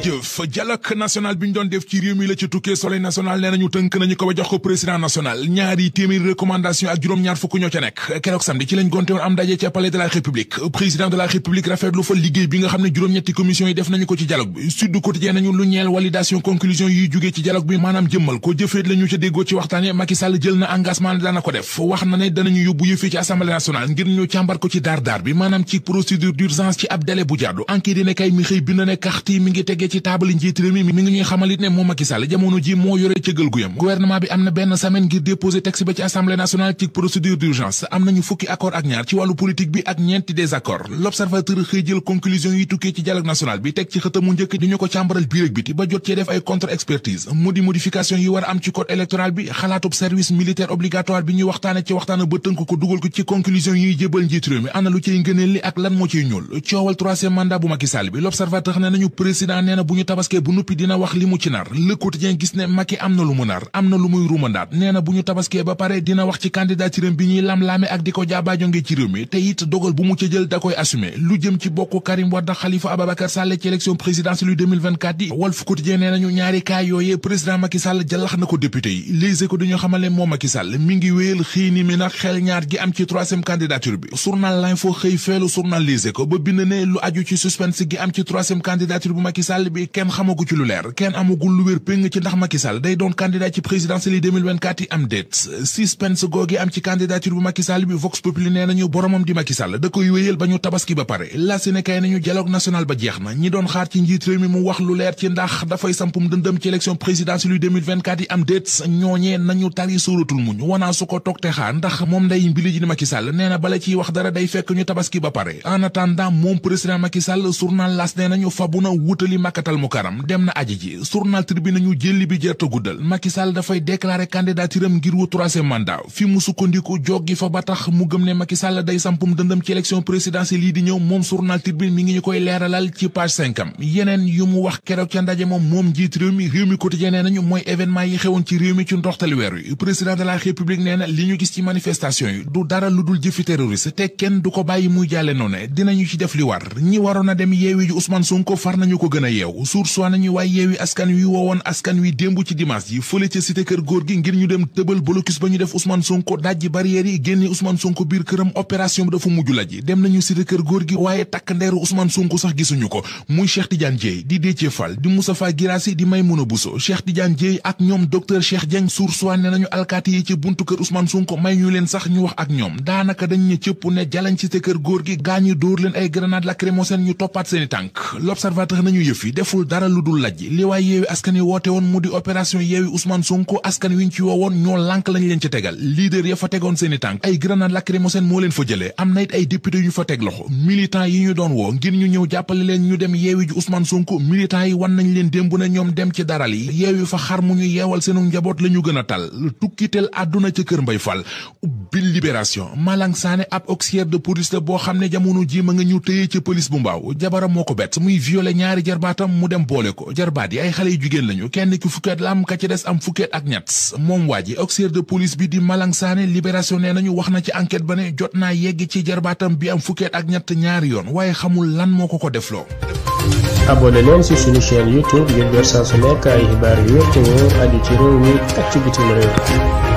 jëf dialogue national bi ñu doon def ci réew mi la ci tukkee soleil national nee nañu tënk nañu ko ba jox ko président national ñaari téeméeri recommandation ak juróom-ñaar fukk ñoo ca nekk keroog samedi ci lañ gonte woon am daje ca palais de la république président de la république rafetlu fa liggéey bi nga xam ne juróom-ñetti commission yi def nañu ko ci dialogue bi Sud Quotidien nañu lu ñeel validation conclusion yi jugee ci dialogue bi maanaam jëmmal ci taabali njiit réew mi mi ngi ñuy xamalit ne moom Macky Sall jamono ji moo yore cëggal guyam gouvernement bi am na benn semaine ngir déposer texte ba ci assemblée nationale ci procédure d'urgence am nañu fukki accord ak ñaar ci wàllu politique bi ak ñeenti désaccord l'observateur xëy jël conclusion yi tukkee ci dialogue national bi teg ci xëtamu njëkk di ñu ko càmbaral biir ak biti ba jot cee def ay contre expertise mu di modification yi war a am ci code électoral bi xalaatub service militaire obligatoire bi ñuy waxtaane ci waxtaana ko dugal ko ci conclusion yiy jébal njiit réew mi ana lu ciy ngëneel li na bu ñu tabaskee bu nuppi dina wax li mu ci nar Le Quotidien gis ne Macky am na lu mu nar am na lu muy rumandaat nee na bu ñu tabaskee ba pare dina wax ci candidature bi ñuy lam-laame ak di ko jaabaajonge ci réew mi te it dogal bu mu ca jël da koy assumer lu jëm ci bokk Karim Wade Khalifa Ababacar Sall ci élection présidentielle 2024 yi Walf Quotidien nee nañu ñaari kaay président Macky Sall jalax na ko député yi Les Échos dañu xamal présidentielle bi kenn xamagu ci lu leer kenn amagul lu wér péng ci ndax Macky day doon candidat ci présidentielle yi am déet suspense googi am ci candidature bu Macky bi Vox Populi nee nañu boromam di Macky da koy wéyal ba ñu tabaski ba pare la Sénégal nañu dialogue national ba jeex na ñi doon xaar ci njiit réew mi mu wax lu leer ci ndax dafay sampum dëndëm ci élection présidentielle yu 2024 am déet ñooñee nañu tari sóoratul muñ wanaa ko toog makkatal mukaram dem na aji ji journal Tribune nañu jëlli bi jarta guddal Macky dafay déclarer candidaturam ngir wu troisième mandat fi mu sukkandiku joggi fa ba tax mu gëm ne Macky day sampum dëndam ci élection présidentielle yi di ñëw moom journal Tribune mi ngi ñu koy leeralal ci page cinquam yeneen yu mu wax keroog ca ndaje moom moom njiit réew mi réew mi quotidien nee nañu mooy événement yi xewoon ci réew mi ci ndoxtal weer wi président de la république nee na li a a yeew xew sursuwi nañu waaye yeewi askan wi woowoon askan wi démb ci dimanche ji fële ca cité kër góor gi ngir ñu dem tëbal blocus ba ñu def Ousmane Sonko dajji barrières yi génne Ousmane Sonko biir këram opération bi dafa mujj la ji dem nañu cité kër góor gi waaye takk ndeeru Ousmane Sonko sax gisuñu ko muy Cheikh Tidiane Dieye di Déthié Fall di Moustapha Guirassy di Maymouna Bousso Cheikh Tidiane Dieye ak ñoom docteur Cheikh Dieng sursuwi ne nañu alkaati yi ci buntu kër Ousmane Sonko ñu leen sax ñu wax ak ñoom daanaka dañ ne cëpp ne jalañ cité gi gaañu dóor leen ay grenade lacrymogène ñu toppaat seeni tànk l'observateur nañu deful dara lu dul lajj li waay yeewi askan yi woote woon mu di opération yeewi Ousmane Sonko askan wi ñu ci woo woon ñoo lànk lañ leen ci tegal leader ya fa tegoon seeni tànk ay grenade lacrymogène moo leen fa jëlee am na it ay député yu ñu fa teg loxo militant yi ñu doon woo ngir ñu ñëw jàppale leen ñu dem yeewi ji Ousmane Sonko militant yi wan nañ leen démb na ñoom dem ci daral yi yeewi fa xar mu ñu yeewal seenu njaboot la ñu gën a tal tukkiteel àdduna ca kër Mbay Fall bi libération Malang Sané ab auxiliaire de police boo xam ne jamono ji ma nga ñu téye ca police bu mbaaw jabaram moo ko bett muy violé mu dem boole ko jarbaat yi ay xale yu jigéen lañu kenn ki fukki at am ka ci des am fukki ak ñett moom waa ji auxiliaire de police bi di Malang Sané libération nee nañu wax na ci enquête ba ne jot naa yegg ci jarbaatam bi am fukki ak ñett ñaari yoon waaye xamul lan moo ko ko defloo. abonné leen ci suñu chaîne youtube ngir jot saa su xibaar yu wér te wóor aju ci réew mi ak ci bitim réew.